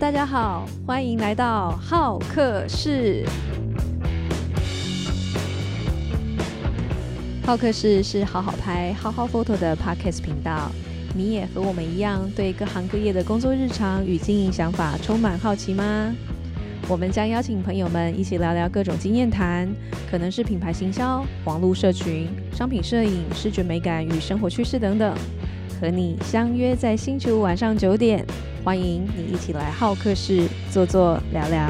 大家好，歡迎來到浩客室。浩客室是好好拍、好好 photo 的 Podcast 頻道。你也和我們一樣，對各行各業的工作日常與經營想法充滿好奇嗎？我們將邀請朋友們一起聊聊各種經驗談，可能是品牌行銷、網路社群、商品攝影、視覺美感與生活趨勢等等。和你相約在星期五晚上九點，歡迎你一起來好客室坐坐聊聊。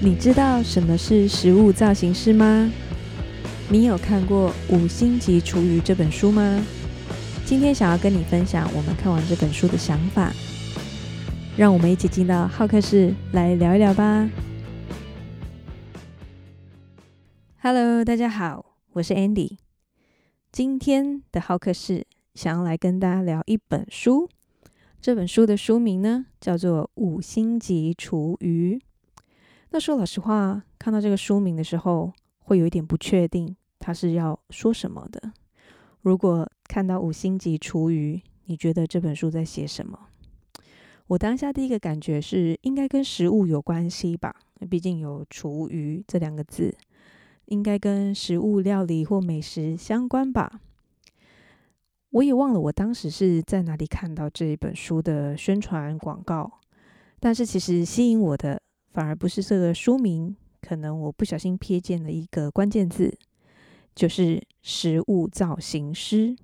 你知道什麼是食物造型師嗎？你有看過《五星級廚餘》這本書嗎？今天想要跟你分享我們看完這本書的想法，讓我們一起進到好客室來聊一聊吧。Hello，大家好，我是 Andy。今天的好客是想要來跟大家聊一本書。這本書的書名呢叫做《五星級廚餘》。那說老實話，看到這個書名的時候，會有一點不確定它是要說什麼的。如果看到《五星級廚餘》，你覺得這本書在寫什麼？我當下第一個感覺是應該跟食物有關係吧，畢竟有“廚餘”這兩個字。應該跟食物料理或美食相關吧？我也忘了我當時是在哪裡看到這一本書的宣傳廣告。但是其實吸引我的反而不是這個書名，可能我不小心瞥見了一個關鍵字，就是“食物造型師”。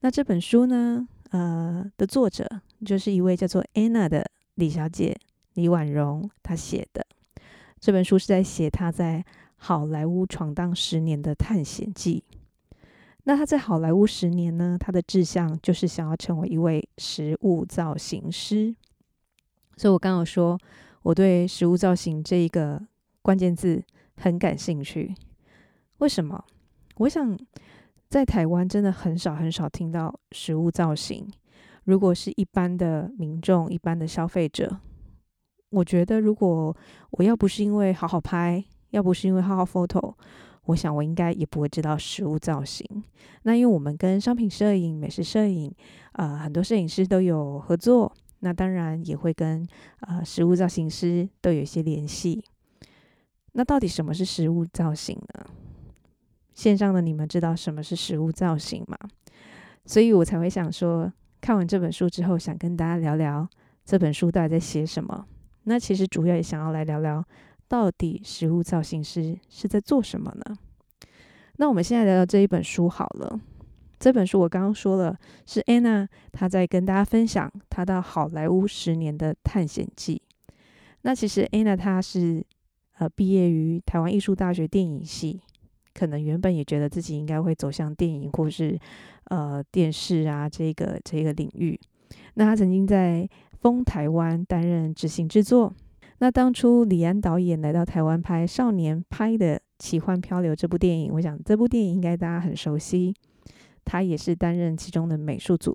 那這本書呢，呃，的作者就是一位叫做 Anna 的李小姐，李婉容她寫的這本書是在寫她在好萊塢闖蕩十年的探險記。那他在好萊塢十年呢？他的志向就是想要成為一位食物造型師。所以我剛說，我剛有說我對“食物造型”這一個關鍵字很感興趣。為什麼？我想在台灣真的很少很少聽到“食物造型”。如果是一般的民眾、一般的消費者，我覺得如果我要不是因為好好拍。要不是因為 HowHow photo，我想我應該也不會知道食物造型。那因為我們跟商品攝影、美食攝影，啊、呃，很多攝影師都有合作，那當然也會跟啊、呃、食物造型師都有一些聯繫。那到底什麼是食物造型呢？線上的你們知道什麼是食物造型嗎？所以我才會想說，看完這本書之後，想跟大家聊聊這本書到底在寫什麼。那其實主要也想要來聊聊。到底食物造型師是在做什麼呢？那我們現在聊聊這一本書好了。這本書我剛剛說了，是 Anna 她，在跟大家分享她到好萊塢十年的探險記。那其實 Anna 她是呃畢業於台灣藝術大學電影系，可能原本也覺得自己應該會走向電影或是呃電視啊這個這個領域。那她曾經在豐台灣擔任執行制作。那當初李安導演來到台灣拍《少年》拍的《奇幻漂流》這部電影，我想這部電影應該大家很熟悉。他也是擔任其中的美術組。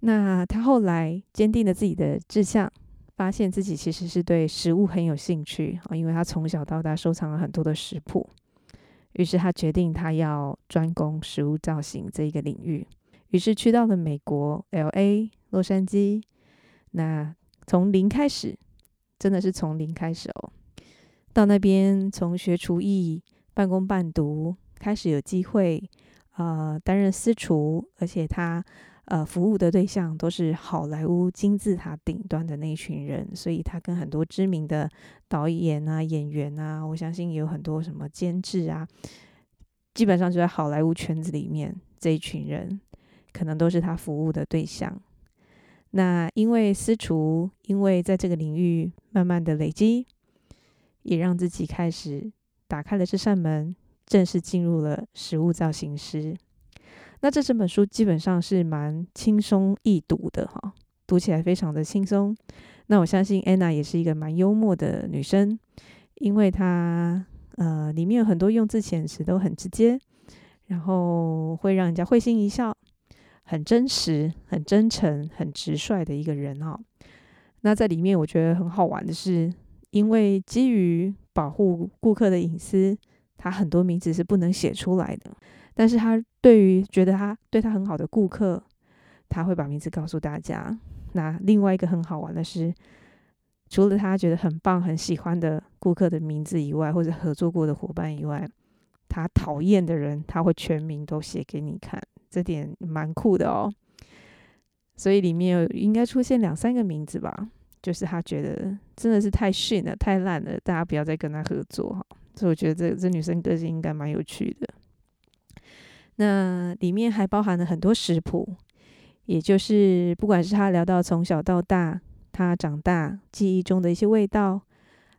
那他後來堅定了自己的志向，發現自己其實是對食物很有興趣啊、哦，因為他從小到大收藏了很多的食譜。於是他決定他要專攻食物造型這一個領域。於是去到了美國 LA 洛杉磯，那從零開始。真的是從零開始哦，到那邊從學廚藝、半工半讀開始有機會，呃，擔任私廚，而且他呃服務的對象都是好萊塢金字塔頂端的那一群人，所以他跟很多知名的導演啊、演員啊，我相信也有很多什麼監製啊，基本上就在好萊塢圈子裡面這一群人，可能都是他服務的對象。那因為私廚，因為在這個領域慢慢的累積，也讓自己開始打開了這扇門，正式進入了食物造型師。那這整本書基本上是蠻輕鬆易讀的哈，讀起來非常的輕鬆。那我相信安娜也是一個蠻幽默的女生，因為她呃裡面有很多用字遣詞都很直接，然後會讓人家會心一笑。很真實、很真誠、很直率的一個人哦。那在裡面，我覺得很好玩的是，因為基於保護顧客的隱私，他很多名字是不能寫出來的。但是他對於覺得他對他很好的顧客，他會把名字告訴大家。那另外一個很好玩的是，除了他覺得很棒、很喜歡的顧客的名字以外，或者合作過的夥伴以外，他討厭的人，他會全名都寫給你看。這點蠻酷的哦，所以裡面應該出現兩三個名字吧。就是他覺得真的是太遜了，太爛了，大家不要再跟他合作。所以我覺得這這女生個性應該蠻有趣的。那裡面還包含了很多食譜，也就是不管是他聊到從小到大他長大記憶中的一些味道，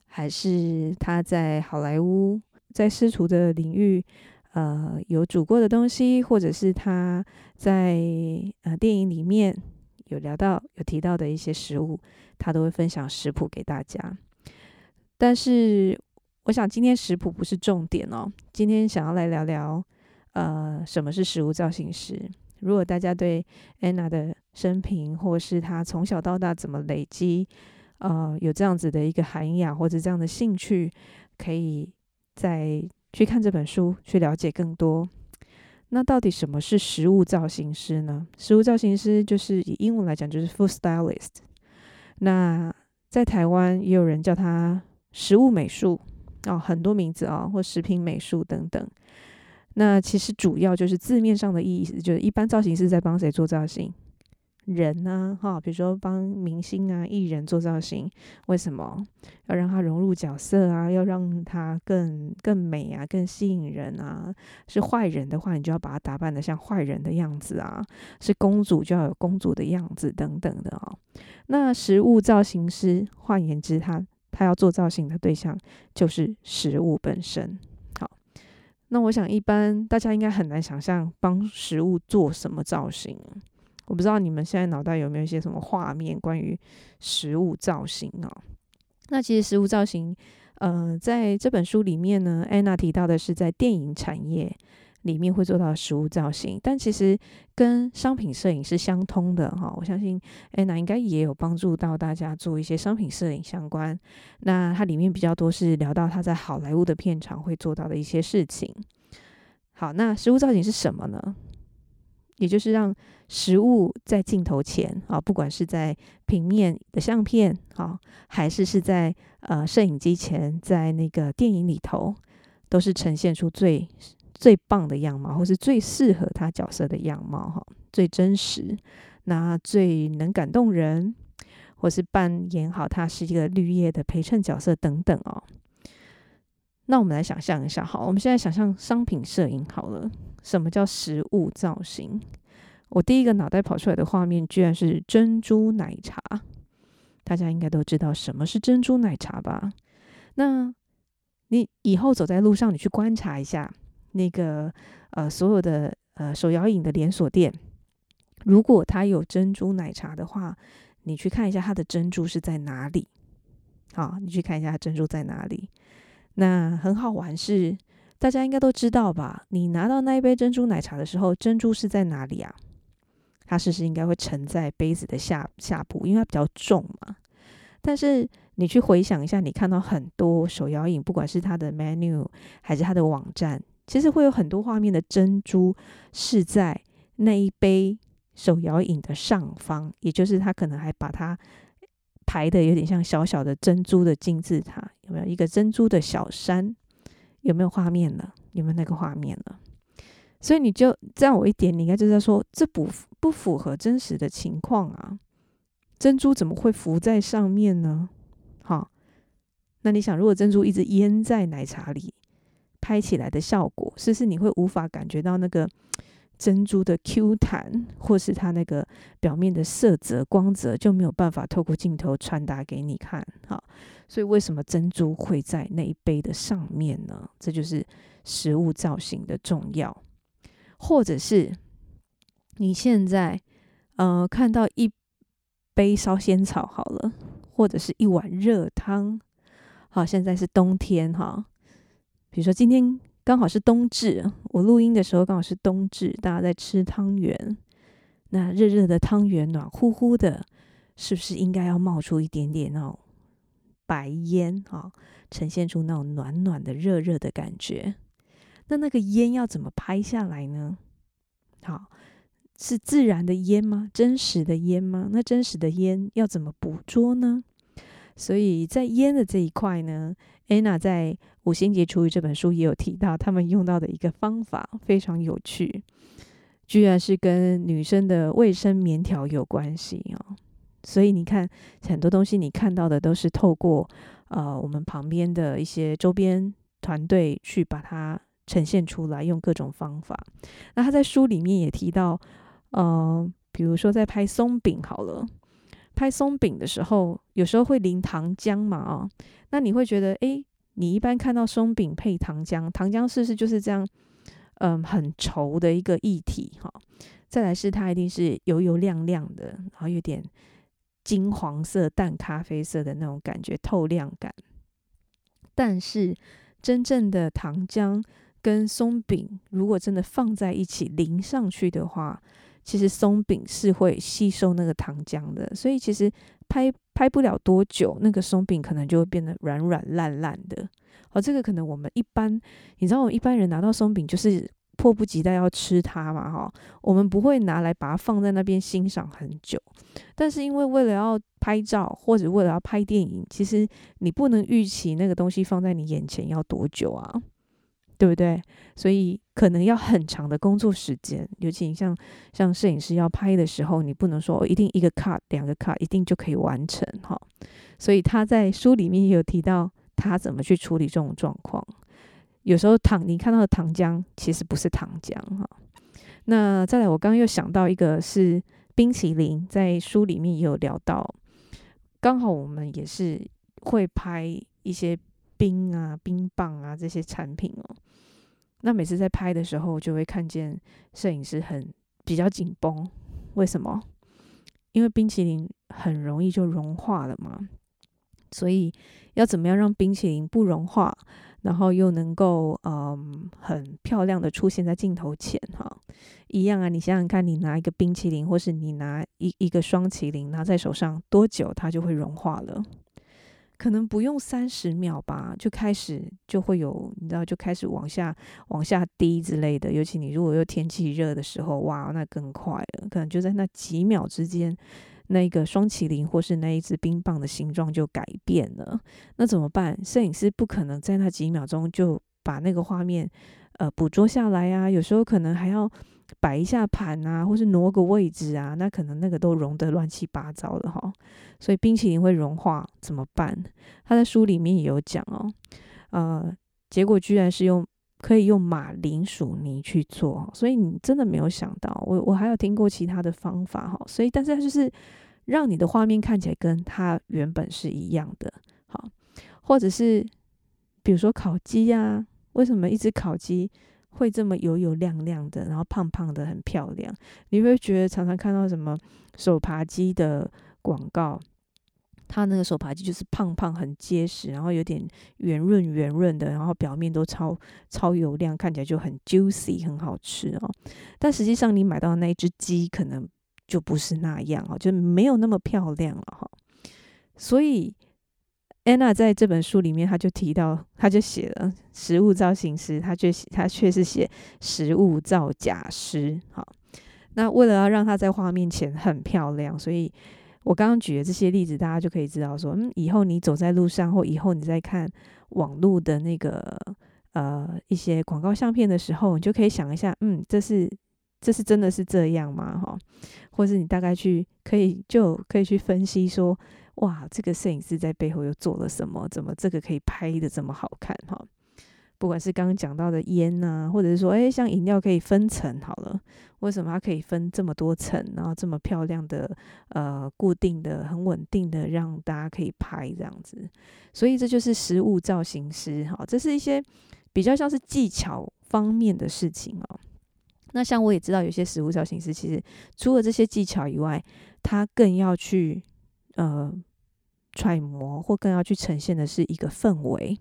還是他在好萊塢在私廚的領域。呃，有煮過的東西，或者是他在呃電影裡面有聊到、有提到的一些食物，他都會分享食譜給大家。但是，我想今天食譜不是重點哦，今天想要來聊聊呃，什麼是食物造型師？如果大家對安娜的生平，或是她從小到大怎麼累積，呃，有這樣子的一個涵養或者這樣的興趣，可以在。去看這本書，去了解更多。那到底什麼是食物造型師呢？食物造型師就是以英文來講，就是 food stylist。那在台灣也有人叫他食物美術哦，很多名字啊，哦，或食品美術等等。那其實主要就是字面上的意思，就是一般造型師在幫誰做造型？人呢、啊？哈，比如說幫明星啊、藝人做造型，為什麼要讓他融入角色啊？要讓他更更美啊，更吸引人啊。是壞人的話，你就要把他打扮得像壞人的樣子啊。是公主，就要有公主的樣子等等的哦、喔，那食物造型師，換言之他，他他要做造型的對象就是食物本身。好，那我想一般大家應該很難想象幫食物做什麼造型。我不知道你們現在腦袋有沒有一些什麼畫面關於食物造型啊、哦？那其實食物造型，呃，在這本書裡面呢，安娜提到的是在電影產業裡面會做到食物造型，但其實跟商品攝影是相通的哈、哦。我相信安娜應該也有幫助到大家做一些商品攝影相關。那它裡面比較多是聊到她在好萊塢的片場會做到的一些事情。好，那食物造型是什麼呢？也就是讓食物在鏡頭前啊、哦，不管是在平面的相片啊、哦，還是是在呃攝影機前，在那個電影裡頭，都是呈現出最最棒的樣貌，或是最適合他角色的樣貌哈、哦，最真實，那最能感動人，或是扮演好他是一個綠葉的陪襯角色等等哦。那我們來想象一下，好，我們現在想象商品攝影好了，什麼叫食物造型？我第一個腦袋跑出來的畫面居然是珍珠奶茶，大家應該都知道什麼是珍珠奶茶吧？那你以後走在路上，你去觀察一下那個呃所有的呃手搖飲的連鎖店，如果它有珍珠奶茶的話，你去看一下它的珍珠是在哪裡。好，你去看一下珍珠在哪裡。那很好玩是，大家應該都知道吧？你拿到那一杯珍珠奶茶的時候，珍珠是在哪裡啊？它其實應該會沉在杯子的下下部，因為它比較重嘛。但是你去回想一下，你看到很多手搖飲，不管是它的 menu 還是它的網站，其實會有很多畫面的珍珠是在那一杯手搖飲的上方，也就是它可能還把它排的有點像小小的珍珠的金字塔，有沒有一個珍珠的小山？有沒有畫面呢？有沒有那個畫面呢？所以你就這樣我一點，你應該就在說，這不不符合真實的情況啊？珍珠怎麼會浮在上面呢？好，那你想，如果珍珠一直淹在奶茶裡，拍起來的效果，是不是你會無法感覺到那個珍珠的 Q 彈，或是它那個表面的色澤光澤就沒有辦法透過鏡頭傳達給你看？好，所以為什麼珍珠會在那一杯的上面呢？這就是食物造型的重要。或者是你現在，呃，看到一杯燒仙草好了，或者是一碗熱湯。好、哦，現在是冬天哈、哦，比如說今天剛好是冬至，我錄音的時候剛好是冬至，大家在吃湯圓，那熱熱的湯圓，暖乎乎的，是不是應該要冒出一點點那種白煙哈、哦，呈現出那種暖暖的、熱熱的感覺？那那個煙要怎麼拍下來呢？好，是自然的煙嗎？真實的煙嗎？那真實的煙要怎麼捕捉呢？所以在煙的這一塊呢，Anna 在《五星節除雨五星級廚餘》這本書也有提到，他們用到的一個方法非常有趣，居然是跟女生的衛生棉條有關係哦。所以你看，很多東西你看到的都是透過呃我們旁邊的一些周邊團隊去把它。呈現出來，用各種方法。那他在書裡面也提到，嗯、呃，比如說在拍鬆餅好了，拍鬆餅的時候，有時候會淋糖漿嘛，哦，那你會覺得，哎，你一般看到鬆餅配糖漿，糖漿是不是就是這樣，嗯，很稠的一個液體哈、哦？再來是它一定是油油亮亮的，然後有點金黃色、淡咖啡色的那種感覺，透亮感。但是真正的糖漿。跟鬆餅如果真的放在一起淋上去的話，其實鬆餅是會吸收那個糖漿的，所以其實拍拍不了多久，那個鬆餅可能就會變得軟軟爛爛的。哦，這個可能我們一般，你知道，我們一般人拿到鬆餅就是迫不及待要吃它嘛，哈，我們不會拿來把它放在那邊欣賞很久。但是因為為了要拍照或者為了要拍電影，其實你不能預期那個東西放在你眼前要多久啊。對不對？所以可能要很長的工作時間，尤其像像攝影師要拍的時候，你不能說，哦，一定一個 cut，兩個 cut，一定就可以完成哈，哦。所以他在書裡面也有提到他怎麼去處理這種狀況。有時候糖，你看到的糖漿其實不是糖漿哈，哦。那再來，我剛剛又想到一個是冰淇淋，在書裡面也有聊到，剛好我們也是會拍一些冰啊、冰棒啊這些產品哦。那每次在拍的時候，就會看見攝影師很比較緊繃，為什麼？因為冰淇淋很容易就融化了嘛，所以要怎麼樣讓冰淇淋不融化，然後又能夠嗯很漂亮的出現在鏡頭前哈、啊？一樣啊，你想想看，你拿一個冰淇淋，或是你拿一一個雙淇淋拿在手上多久它就會融化了？可能不用三十秒吧，就開始就會有，你知道，就開始往下、往下滴之類的。尤其你如果又天氣熱的時候，哇，那更快了。可能就在那幾秒之間，那個霜淇淋或是那一只冰棒的形狀就改變了。那怎麼辦？攝影師不可能在那幾秒鐘就把那個畫面呃捕捉下來呀、啊。有時候可能還要。擺一下盤啊，或是挪個位置啊，那可能那個都融得亂七八糟的。哈。所以冰淇淋會融化怎麼辦？他在書裡面也有講哦、喔。呃，結果居然是用可以用馬鈴薯泥去做，所以你真的沒有想到。我我還有聽過其他的方法哈。所以，但是它就是讓你的畫面看起來跟它原本是一樣的哈，或者是比如說烤雞呀、啊，為什麼一隻烤雞？會這麼油油亮亮的，然後胖胖的，很漂亮。你會覺得常常看到什麼手扒雞的廣告，它那個手扒雞就是胖胖、很結實，然後有點圓潤圓潤的，然後表面都超超油亮，看起來就很 juicy，很好吃哦。但實際上你買到的那一隻雞，可能就不是那樣哦，就沒有那麼漂亮了哈、哦。所以。安娜在這本書裡面，他就提到，他就寫了食物造型師，他卻他卻是寫食物造假師。好，那為了要讓他在畫面前很漂亮，所以我剛剛舉的這些例子，大家就可以知道說，嗯，以後你走在路上或以後你在看網絡的那個呃一些廣告相片的時候，你就可以想一下，嗯，這是這是真的是這樣嗎？哈，或是你大概去可以就可以去分析說。哇，這個攝影師在背後又做了什麼？怎麼這個可以拍得這麼好看哈、哦？不管是剛剛講到的煙呢、啊，或者是說，哎、欸，像飲料可以分層，好了，為什麼它可以分這麼多層，然後這麼漂亮的呃固定的、很穩定的，讓大家可以拍這樣子？所以這就是食物造型師哈、哦，這是一些比較像是技巧方面的事情哦。那像我也知道，有些食物造型師其實除了這些技巧以外，他更要去呃。揣摩，或更要去呈現的是一個氛圍，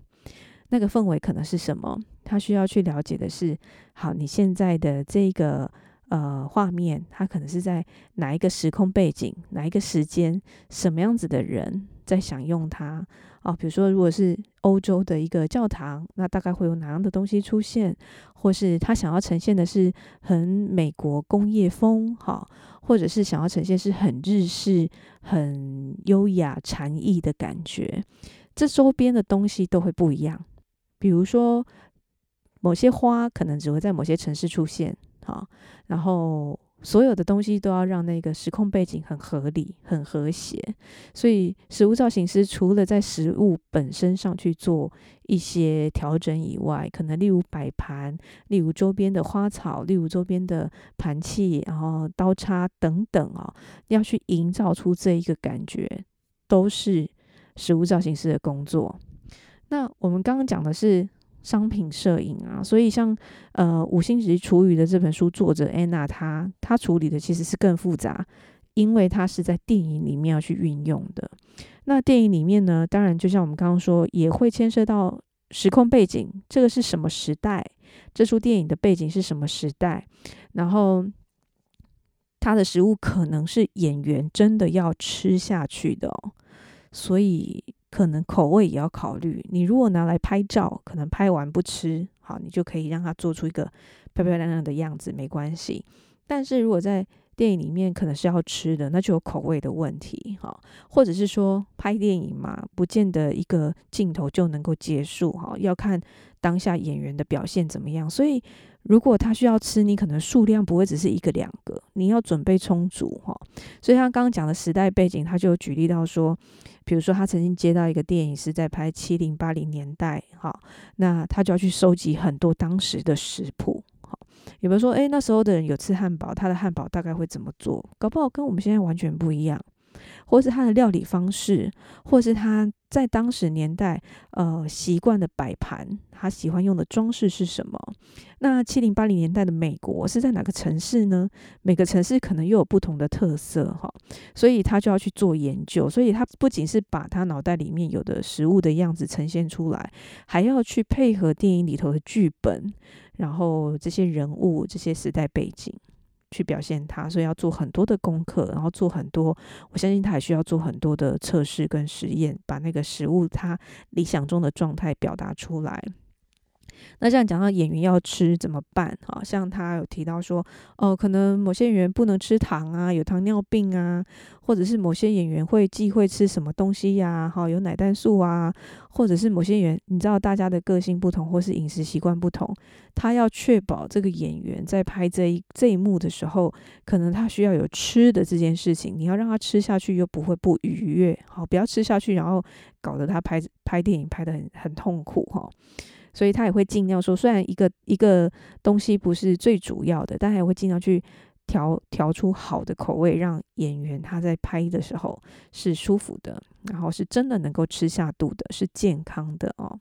那個氛圍可能是什麼？他需要去了解的是，好，你現在的這一個呃畫面，它可能是在哪一個時空背景、哪一個時間、什麼樣子的人。在享用它啊、哦，比如說，如果是歐洲的一個教堂，那大概會有哪樣的東西出現？或是他想要呈現的是很美國工業風，哈、哦，或者是想要呈現是很日式、很優雅禪意的感覺，這周邊的東西都會不一樣。比如說，某些花可能只會在某些城市出現，哈、哦，然後。所有的東西都要讓那個時空背景很合理、很和諧。所以，食物造型師除了在食物本身上去做一些調整以外，可能例如擺盤、例如周邊的花草、例如周邊的盤器、然後刀叉等等啊、哦，要去營造出這一個感覺，都是食物造型師的工作。那我們剛剛講的是。商品攝影啊，所以像呃五星級廚餘的這本書作者安娜，她她處理的其實是更複雜，因為她是在電影裡面要去運用的。那電影裡面呢，當然就像我們剛剛說，也會牽涉到時空背景，這個是什麼時代？這出電影的背景是什麼時代？然後它的食物可能是演員真的要吃下去的喔，所以。可能口味也要考慮。你如果拿來拍照，可能拍完不吃，好，你就可以讓它做出一個漂漂亮亮的樣子，沒關係。但是如果在……電影裡面可能是要吃的，那就有口味的問題哈，或者是說拍電影嘛，不見得一個鏡頭就能夠結束哈，要看當下演員的表現怎麼樣。所以如果他需要吃，你可能數量不會只是一個兩個，你要準備充足哈。所以他剛剛講的時代背景，他就舉例到說，比如說他曾經接到一個電影是在拍七零八零年代哈，那他就要去收集很多當時的食譜。有沒有說，哎、欸，那時候的人有吃漢堡，他的漢堡大概會怎麼做？搞不好跟我們現在完全不一樣。或是他的料理方式，或是他在當時年代呃習慣的擺盤，他喜歡用的裝飾是什麼？那七零八零年代的美國是在哪個城市呢？每個城市可能又有不同的特色哈、哦，所以他就要去做研究。所以他不僅是把他腦袋裡面有的食物的樣子呈現出來，還要去配合電影裡頭的劇本，然後這些人物、這些時代背景。去表現他，所以要做很多的功課，然後做很多。我相信他還需要做很多的測試跟實驗，把那個食物他理想中的狀態表達出來。那這樣講到演員要吃怎麼辦？哈、哦，像他有提到說，哦、呃，可能某些演員不能吃糖啊，有糖尿病啊，或者是某些演員會忌諱吃什麼東西呀、啊？哈、哦，有奶蛋素啊，或者是某些演員，你知道大家的個性不同，或是飲食習慣不同，他要確保這個演員在拍這一這一幕的時候，可能他需要有吃的這件事情，你要讓他吃下去又不會不愉悅，好、哦，不要吃下去，然後搞得他拍拍電影拍得很很痛苦，哈、哦。所以他也會盡量說，雖然一個一個東西不是最主要的，但也會盡量去調調出好的口味，讓演員他在拍的時候是舒服的，然後是真的能夠吃下肚的，是健康的哦。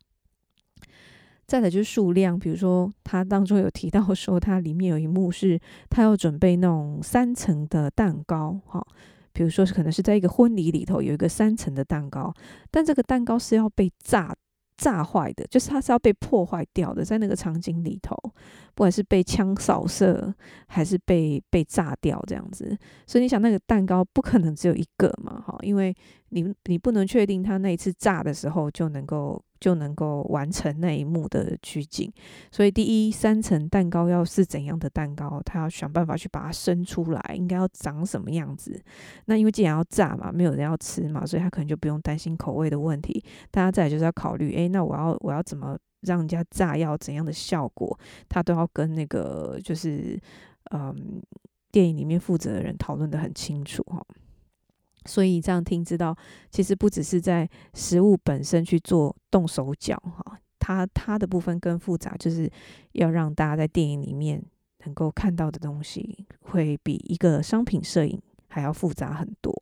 再來就是數量，比如說他當中有提到說，它裡面有一幕是他要準備那種三層的蛋糕，哈、哦，比如說是可能是在一個婚禮裡頭有一個三層的蛋糕，但這個蛋糕是要被炸。炸壞的，就是它是要被破壞掉的，在那個場景裡頭，不管是被槍掃射，還是被被炸掉這樣子，所以你想那個蛋糕不可能只有一個嘛，哈，因為，你你不能確定他那一次炸的時候就能夠就能夠完成那一幕的取景，所以第一三層蛋糕要是怎樣的蛋糕，他要想辦法去把它生出來，應該要長什麼樣子？那因為既然要炸嘛，沒有人要吃嘛，所以他可能就不用擔心口味的問題。大家再就是要考慮，誒、欸，那我要我要怎麼讓人家炸要怎樣的效果？他都要跟那個就是嗯電影裡面負責的人討論得很清楚哈。所以這樣聽，知道其實不只是在食物本身去做動手腳哈，它它的部分更複雜，就是要讓大家在電影裡面能夠看到的東西，會比一個商品攝影還要複雜很多。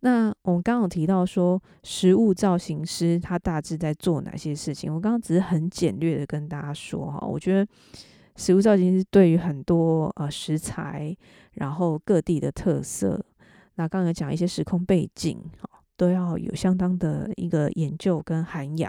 那我們剛剛有提到說，食物造型師他大致在做哪些事情？我剛剛只是很簡略的跟大家說哈，我覺得食物造型師對於很多呃食材，然後各地的特色。那剛才講一些時空背景，都要有相當的一個研究跟涵養，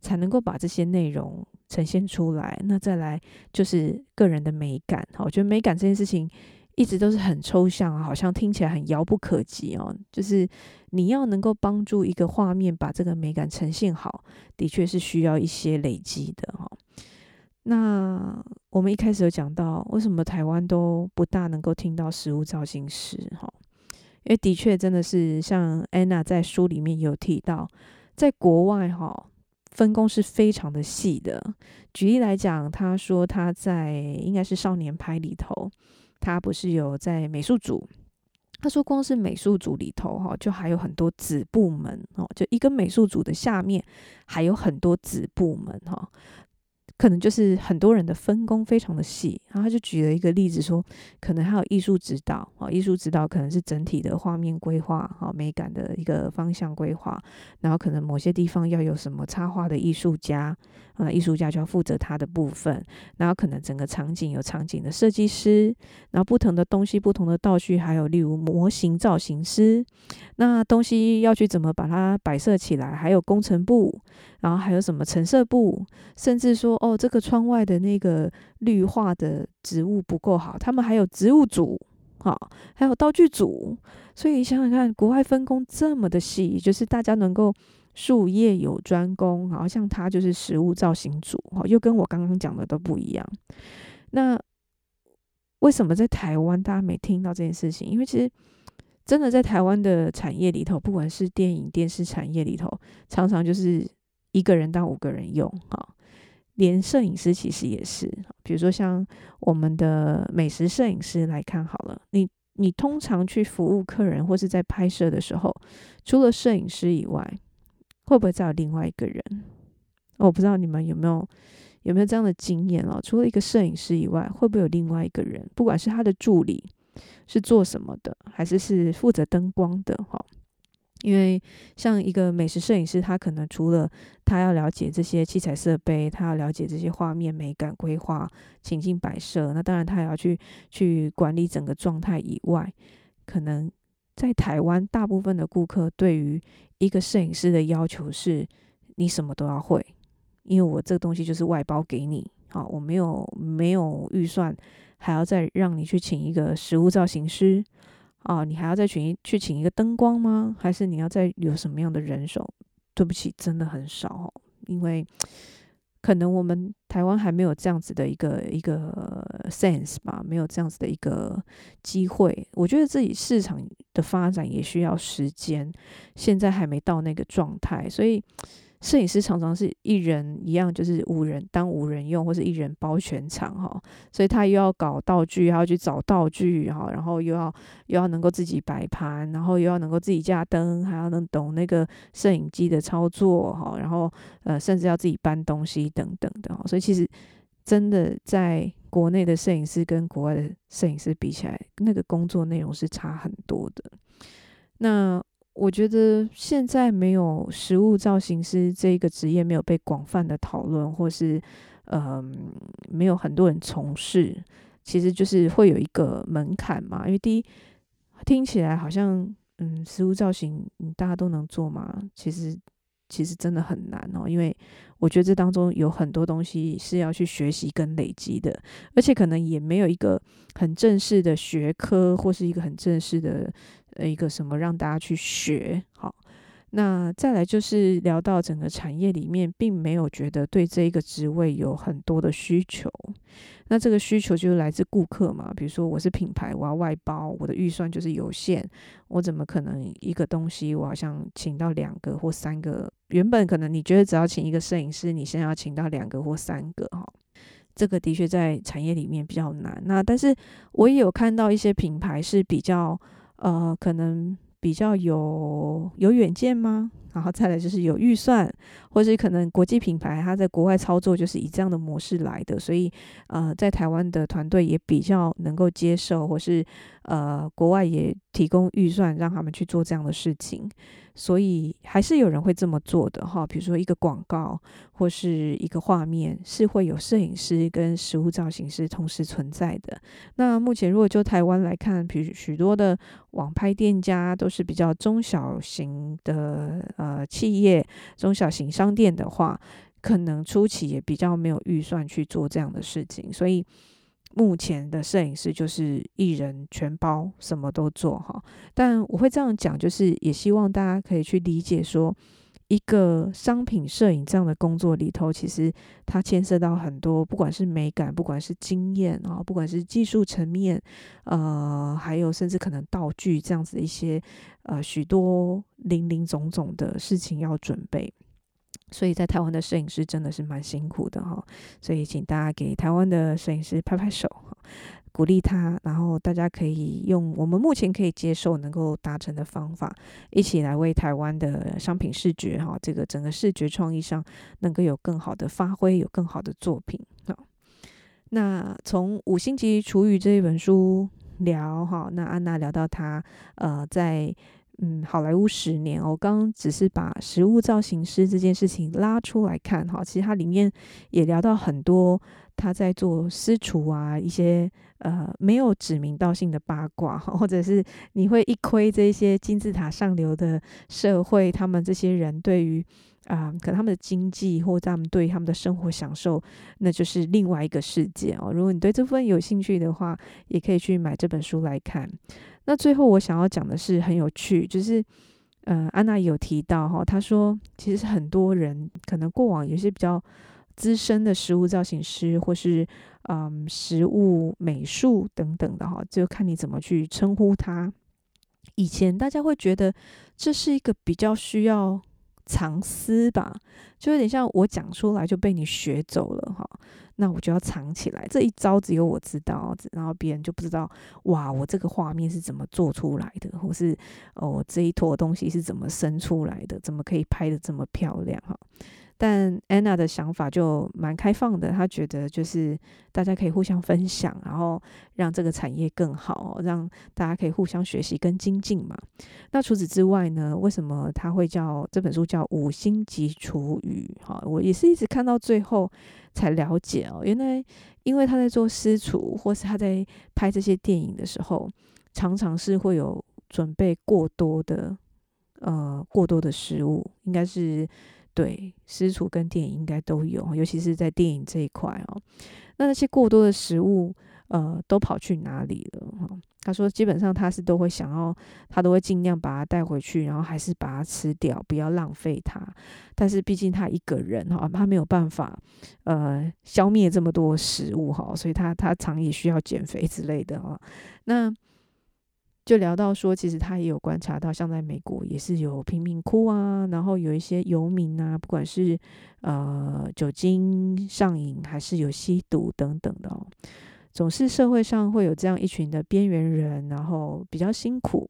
才能夠把這些內容呈現出來。那再來就是個人的美感，哈，我覺得美感這件事情一直都是很抽象，好像聽起來很遙不可及哦。就是你要能夠幫助一個畫面把這個美感呈現好，的確是需要一些累積的，哈。那我們一開始有講到，為什麼台灣都不大能夠聽到食物造型師，哈。因為的確真的是像安娜在書裡面也有提到，在國外哈、哦、分工是非常的細的。舉例來講，她說她在應該是少年派裡頭，她不是有在美術組，她說光是美術組裡頭哈，就還有很多子部門哦，就一個美術組的下面還有很多子部門哈。可能就是很多人的分工非常的細，然後他就舉了一個例子說，可能還有藝術指導啊、哦，藝術指導可能是整體的畫面規劃好、哦、美感的一個方向規劃，然後可能某些地方要有什麼插畫的藝術家啊、嗯，藝術家就要負責他的部分，然後可能整個場景有場景的設計師，然後不同的東西、不同的道具，還有例如模型造型師，那東西要去怎麼把它擺設起來，還有工程部，然後還有什麼陳設部，甚至說哦。哦、這個窗外的那個綠化的植物不夠好，他們還有植物組，好、哦，還有道具組，所以你想想看，國外分工這麼的細，就是大家能夠術業有專攻，好像他就是食物造型組，哦、又跟我剛剛講的都不一樣。那為什麼在台灣大家沒聽到這件事情？因為其實真的在台灣的產業裡頭，不管是電影、電視產業裡頭，常常就是一個人當五個人用，哦連攝影師其實也是，比如說像我們的美食攝影師來看好了，你你通常去服務客人或是在拍攝的時候，除了攝影師以外，會不會再有另外一個人？我、哦、不知道你們有沒有有沒有這樣的經驗哦。除了一個攝影師以外，會不會有另外一個人？不管是他的助理是做什麼的，還是是負責燈光的哈？哦因為像一個美食攝影師，他可能除了他要了解這些器材設備，他要了解這些畫面美感規劃、情境擺設，那當然他也要去去管理整個狀態以外，可能在台灣大部分的顧客對於一個攝影師的要求是，你什麼都要會，因為我這個東西就是外包給你，好，我沒有沒有預算，還要再讓你去請一個食物造型師。哦，你還要再請去，去請一個燈光嗎？還是你要再有什麼樣的人手？對不起，真的很少。哦，因為可能我們台灣還沒有這樣子的一個一個 sense 吧，沒有這樣子的一個機會。我覺得自己市場的發展也需要時間，現在還沒到那個狀態，所以。攝影師常常是一人一樣，就是一人當五人用，或是一人包全場哈、喔。所以他又要搞道具，還要去找道具，喔，然後，然後又要又要能夠自己擺盤，然後又要能夠自己架燈，還要能懂那個攝影機的操作哈、喔。然後，呃，甚至要自己搬東西等等的，喔。所以其實真的在國內的攝影師跟國外的攝影師比起來，那個工作內容是差很多的。那。我覺得現在沒有食物造型師這個職業沒有被廣泛的討論，或是，嗯、呃，沒有很多人從事，其實就是會有一個門檻嘛。因為第一，聽起來好像，嗯，食物造型，大家都能做嘛？其實，其實真的很難哦。因為我覺得這當中有很多東西是要去學習跟累積的，而且可能也沒有一個很正式的學科，或是一個很正式的。呃，一個什麼讓大家去學好？那再來就是聊到整個產業裡面，並沒有覺得對這一個職位有很多的需求。那這個需求就是來自顧客嘛。比如說，我是品牌，我要外包，我的預算就是有限，我怎麼可能一個東西我好像請到兩個或三個？原本可能你覺得只要請一個攝影師，你現在要請到兩個或三個哈？這個的確在產業裡面比較難。那但是我也有看到一些品牌是比較。呃，可能比較有有遠見嗎？然後再來就是有預算，或是可能國際品牌他在國外操作就是以這樣的模式來的，所以呃在台灣的團隊也比較能夠接受，或是呃國外也提供預算讓他們去做這樣的事情，所以還是有人會這麼做的哈。比如說一個廣告或是一個畫面是會有攝影師跟食物造型師同時存在的。那目前如果就台灣來看，比如許多的網拍店家都是比較中小型的。呃呃，企業、中小型商店的話，可能初期也比較沒有預算去做這樣的事情，所以目前的攝影師就是一人全包，什麼都做哈。但我會這樣講，就是也希望大家可以去理解說，一個商品攝影這樣的工作裡頭，其實它牽涉到很多，不管是美感，不管是經驗啊、哦，不管是技術層面，呃，還有甚至可能道具這樣子一些呃許多林林總總的事情要準備，所以在台灣的攝影師真的是蠻辛苦的哈、哦，所以請大家給台灣的攝影師拍拍手鼓勵他，然後大家可以用我們目前可以接受、能夠達成的方法，一起來為台灣的商品視覺哈，這個整個視覺創意上能夠有更好的發揮，有更好的作品。好，那從《五星級廚餘》這一本書聊哈，那安娜聊到她呃在嗯好萊塢十年，我剛剛只是把食物造型師這件事情拉出來看哈，其實它裡面也聊到很多。他在做私廚啊，一些呃沒有指名道姓的八卦，或者是你會一窺這些金字塔上流的社會，他們這些人對於啊、呃，可他們的經濟或者他們對於他們的生活享受，那就是另外一個世界哦。如果你對這部分有興趣的話，也可以去買這本書來看。那最後我想要講的是很有趣，就是呃，安娜有提到哈、哦，她說其實很多人可能過往有些比較。資深的食物造型師，或是嗯食物美術等等的哈，就看你怎麼去稱呼他。以前大家會覺得這是一個比較需要藏私吧，就有點像我講出來就被你學走了哈，那我就要藏起來。這一招只有我知道，然後別人就不知道。哇，我這個畫面是怎麼做出來的，或是哦這一坨東西是怎麼生出來的，怎麼可以拍得這麼漂亮哈？但安娜的想法就蠻開放的，她覺得就是大家可以互相分享，然後讓這個產業更好，讓大家可以互相學習跟精進嘛。那除此之外呢？為什麼他會叫這本書叫《五星級廚餘》？哈，我也是一直看到最後才了解哦。原來因為他在做私廚，或是他在拍這些電影的時候，常常是會有準備過多的呃，過多的食物，應該是。對，私廚跟電影應該都有，尤其是在電影這一塊哦。那那些過多的食物，呃，都跑去哪裡了？哦、他說，基本上他是都會想要，他都會盡量把它帶回去，然後還是把它吃掉，不要浪費它。但是畢竟他一個人哈、哦，他沒有辦法，呃，消滅這麼多食物哈、哦，所以他他常也需要減肥之類的哈、哦。那。就聊到說，其實他也有觀察到，像在美國也是有貧民窟啊，然後有一些游民啊，不管是呃酒精上癮，還是有吸毒等等的哦，總是社會上會有這樣一群的邊緣人，然後比較辛苦。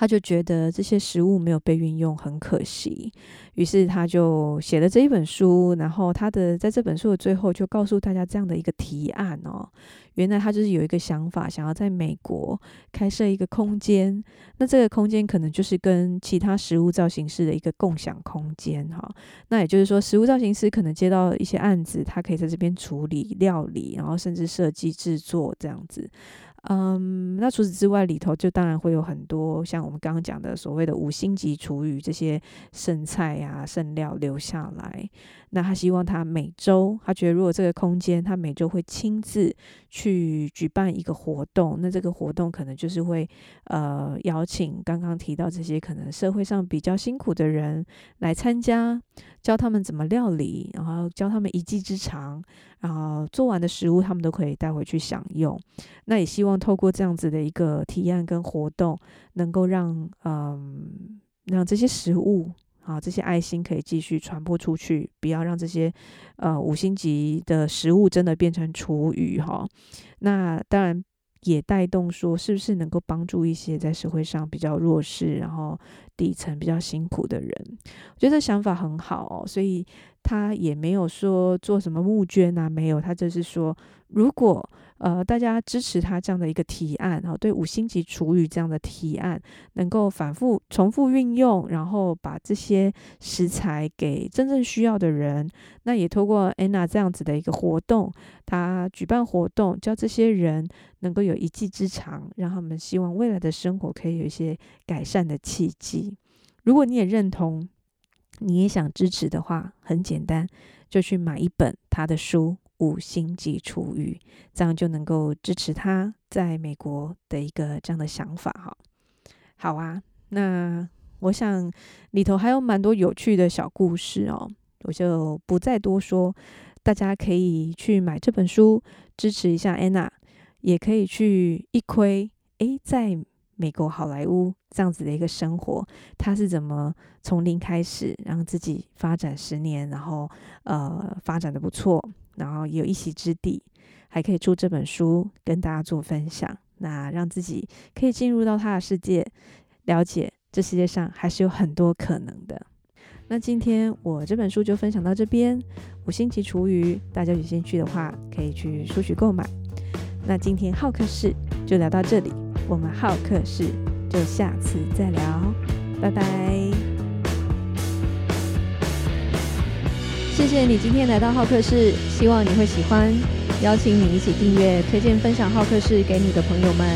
他就覺得這些食物沒有被運用很可惜，於是他就寫了這一本書。然後他的在這本書的最後就告訴大家這樣的一個提案哦，原來他就是有一個想法，想要在美國開設一個空間。那這個空間可能就是跟其他食物造型師的一個共享空間哈、哦。那也就是說，食物造型師可能接到一些案子，他可以在這邊處理料理，然後甚至設計製作這樣子。嗯，那除此之外，裡頭就當然會有很多像我們剛剛講的所謂的五星級廚餘這些剩菜呀、啊、剩料留下來。那他希望他每週，他覺得如果這個空間，他每週會親自去舉辦一個活動。那這個活動可能就是會呃邀請剛剛提到這些可能社會上比較辛苦的人來參加，教他們怎麼料理，然後教他們一技之長，然後做完的食物他們都可以帶回去享用。那也希望透過這樣子的一個體驗跟活動，能夠讓嗯讓這些食物，啊，這些愛心可以繼續傳播出去，不要讓這些呃五星級的食物真的變成廚餘哈，哦。那當然也帶動說，是不是能夠幫助一些在社會上比較弱勢，然後底層比較辛苦的人？我覺得這想法很好，哦，所以。他也沒有說做什麼募捐啊，沒有，他就是說，如果呃大家支持他這樣的一個提案啊、哦，對五星級廚餘這樣的提案能夠反覆重複運用，然後把這些食材給真正需要的人，那也透過安娜這樣子的一個活動，他舉辦活動，教這些人能夠有一技之長，讓他們希望未來的生活可以有一些改善的契機。如果你也認同。你也想支持的話，很簡單，就去買一本他的書《五星級廚餘》，這樣就能夠支持他在美國的一個這樣的想法哈。好啊，那我想裡頭還有蠻多有趣的小故事哦，我就不再多說，大家可以去買這本書支持一下安娜，也可以去一窺。哎，在。美國好萊塢這樣子的一個生活，他是怎麼從零開始，讓自己發展十年，然後呃發展得不錯，然後也有一席之地，還可以出這本書跟大家做分享，那讓自己可以進入到他的世界，了解這世界上還是有很多可能的。那今天我這本書就分享到這邊，《五星級廚餘》，大家有興趣的話可以去書局購買。那今天浩客室就聊到這裡。我們好客室就下次再聊，拜拜。謝謝你今天來到好客室，希望你會喜歡，邀請你一起訂閱、推薦、分享好客室給你的朋友們。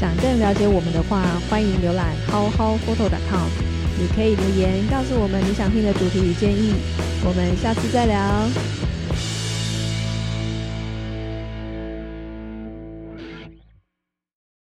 想更了解我們的話，歡迎瀏覽 howhowphoto.com，你可以留言告訴我們你想聽的主題與建議。我們下次再聊。